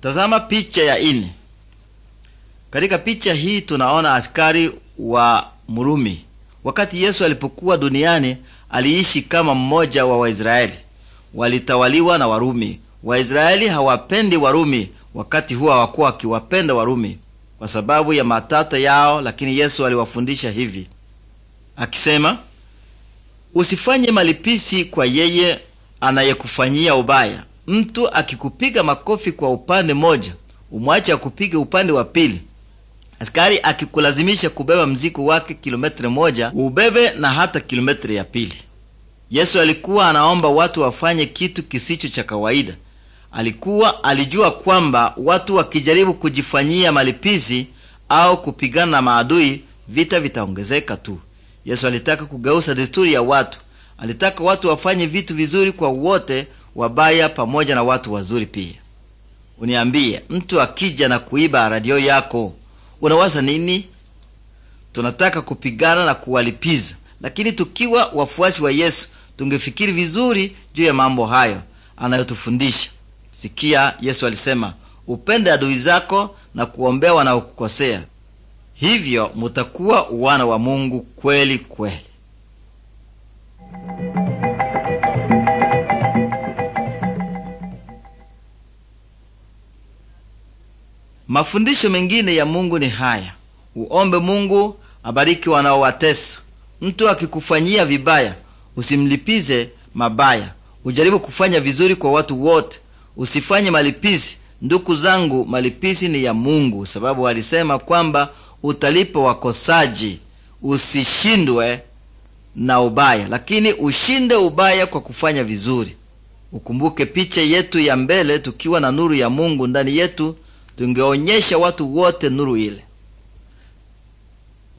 Tazama picha ya ine. Katika picha hii tunaona askari wa Murumi. Wakati Yesu alipokuwa duniani, aliishi kama mmoja wa Waisraeli. Walitawaliwa na Warumi. Waisraeli hawapendi Warumi, wakati huwa hawakuwa wakiwapenda Warumi kwa sababu ya matata yao, lakini Yesu aliwafundisha hivi akisema, usifanye malipisi kwa yeye anayekufanyia ubaya, Mtu akikupiga makofi kwa upande moja umwache akupiga upande wa pili. Askari akikulazimisha kubeba mzigo wake kilometri moja, ubebe na hata kilometri ya pili. Yesu alikuwa anaomba watu wafanye kitu kisicho cha kawaida. Alikuwa alijua kwamba watu wakijaribu kujifanyia malipizi au kupigana na maadui, vita vitaongezeka tu. Yesu alitaka kugeuza desturi ya watu. Alitaka watu wafanye vitu vizuri kwa wote wabaya pamoja na watu wazuri pia. Uniambie, mtu akija na kuiba radio yako unawaza nini? Tunataka kupigana na kuwalipiza, lakini tukiwa wafuasi wa Yesu tungefikiri vizuri juu ya mambo hayo anayotufundisha. Sikia, Yesu alisema, upende adui zako na kuombea wanaokukosea, hivyo mutakuwa wana wa Mungu kweli kweli. Mafundisho mengine ya Mungu ni haya: uombe Mungu abariki wanaowatesa. Mtu akikufanyia vibaya, usimlipize mabaya. Ujaribu kufanya vizuri kwa watu wote, usifanye malipizi. Ndugu zangu, malipizi ni ya Mungu, sababu alisema kwamba utalipa wakosaji. Usishindwe na ubaya, lakini ushinde ubaya kwa kufanya vizuri. Ukumbuke picha yetu ya mbele, tukiwa na nuru ya Mungu ndani yetu tungeonyesha watu wote nuru ile.